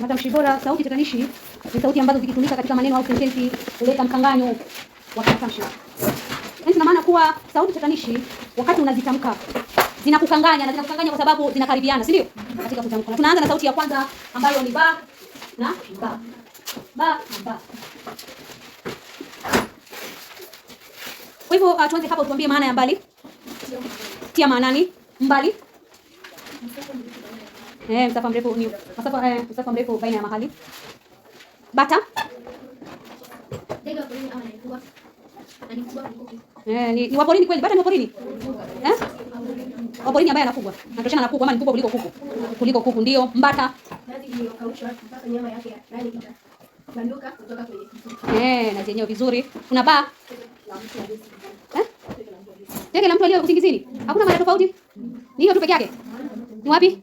matamshi bora sauti tatanishi ni sauti ambazo zikitumika katika maneno au sentensi huleta mkanganyo wa matamshi. Hii yaani maana kuwa sauti tatanishi wakati unazitamka zinakukanganya na zinakukanganya kwa sababu zinakaribiana, si ndio? Katika kutamka. Tunaanza na sauti ya kwanza ambayo ni ba na ba. Ba ba. Kwa hivyo uh, tuanze hapa tuambie maana ya mbali. Tia maanani mbali. Eh, msafa mrefu ni msafa eh, msafa mrefu baina ya mahali. Bata. Ndege wa porini ama ni mkubwa? ni mkubwa kuliko. Eh, ni ni wa kweli, bata ni wa porini. Eh? Wa porini ambaye anafugwa. Anatoshana na kuku ama ni kubwa kuliko kuku. Kuliko kuku ndio mbata. Nazi iliyokaushwa Eh, na zenyewe vizuri. Kuna ba. Eh? Ndege la mtu aliye usingizini. Hakuna maana tofauti. Ni hiyo tu peke yake. Ni wapi?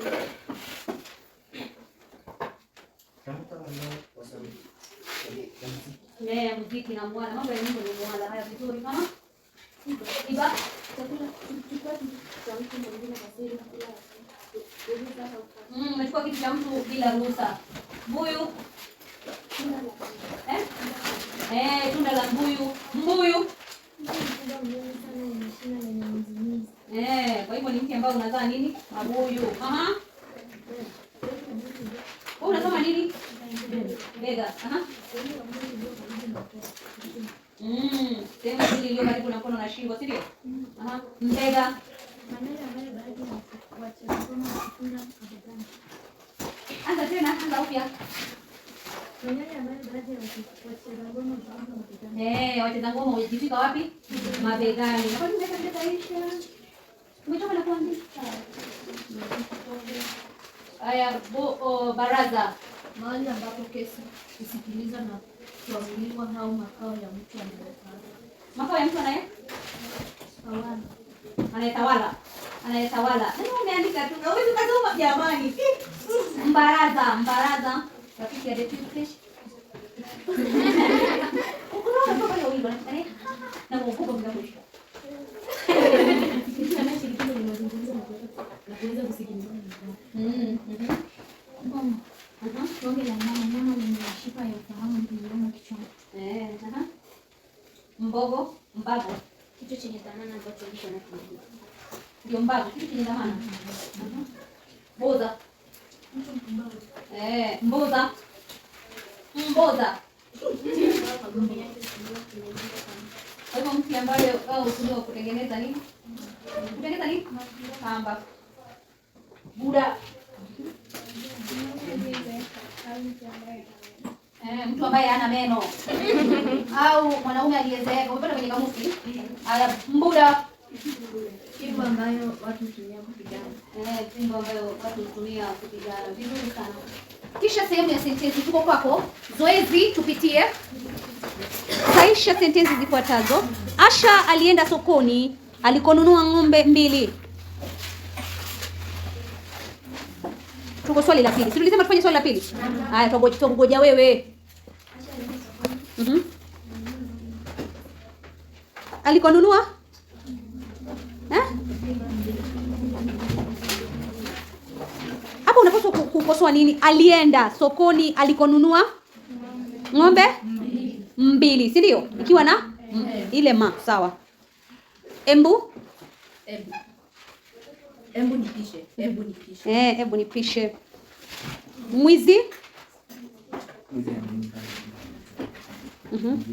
na mwana. Mambo ya Mungu ni mwana. Haya vizuri kama iba chakula chukua cha mtu mwingine kwa siri Mm, umechukua kitu cha mtu bila ruhusa. Mbuyu. Eh? Eh, tunda la mbuyu. Mbuyu. Eh, kwa hivyo ni mti ambao unazaa nini? Mabuyu. Aha. Wewe unasoma nini? sehemu mbili iliyo karibu na mkono na shingo, si ndio? Mbega anza tena, anza upya. Wacheza oh, ngoma hujifika wapi? Mabegani. Umetoka na kuandika baraza mahali ambapo kesi kusikiliza na kuamuliwa au makao ya mtu anayetawala. Makao ya mtu anayetawala, anayetawala, anayetawala. Nani ameandika tu? Hawezi kusoma jamani. Mbaraza, mbaraza, rafiki ya deputy Bonge la nyama, nyama lenye mishipa ya ufahamu iliyomo kichwani. Eh, aha. Mbogo, mbago. Kitu chenye dhamana ambacho hicho na kidogo. Ndio mbago, kitu chenye dhamana. Aha. Boza. Mtu mbago. Eh, mboza. Mboza. Kwa hivyo mti ambayo au utumiwa kutengeneza nini? Kutengeneza nini? Kamba. Buda. Eh, mtu ambaye hana meno au mwanaume aliyezeeka, umepata kwenye kamusi haya, mbuda fimbo ambayo watu hutumia kupigana. Eh, fimbo ambayo watu hutumia kupigana. Vizuri sana. Kisha sehemu ya sentensi, tuko kwako. Zoezi tupitie, saisha sentensi zifuatazo. Asha alienda sokoni alikonunua ng'ombe mbili. tuko swali la pili. Si tulisema tufanye swali la pili? Haya, tungoja tungoja wewe. Mhm. Mm Alikonunua? Eh? Hapo unapaswa kukosoa nini? Alienda sokoni alikonunua ng'ombe mbili, si ndio? Ikiwa na ile ma sawa. Embu? Embu. Hebu nipishe. Hebu nipishe. Eh, hebu nipishe. Mwizi? Mhm.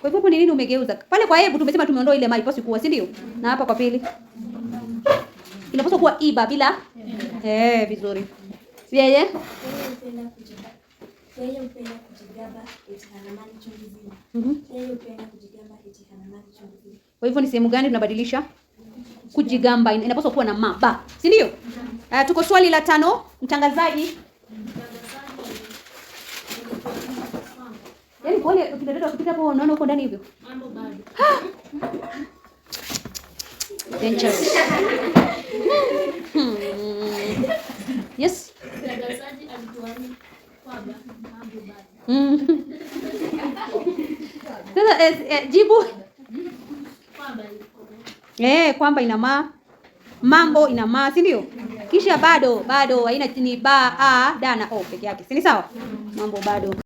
Kwa hivyo ni nini umegeuza? Pale kwa hebu tumesema tumeondoa ile mai pasi kuwa, si ndio? Na hapa kwa pili. Inapaswa kuwa iba bila eh, vizuri. Yeye? Yeye mhm. Yeye Kwa hivyo ni sehemu gani tunabadilisha? kujigamba, inapaswa kuwa na maba, si ndio? Uh, tuko swali la tano, mtangazaji. Yaani pole kina dada ukipita hapo unaona huko ndani hivyo. Mambo ah! bado. Dangerous. Hmm. Yes. Mtangazaji alituambia kwamba mambo bado. Sasa eh, eh, jibu eh, kwamba inamaa mambo inamaa, si ndio? Kisha bado bado haina ni ba a da na o peke yake, si ni sawa? Mambo bado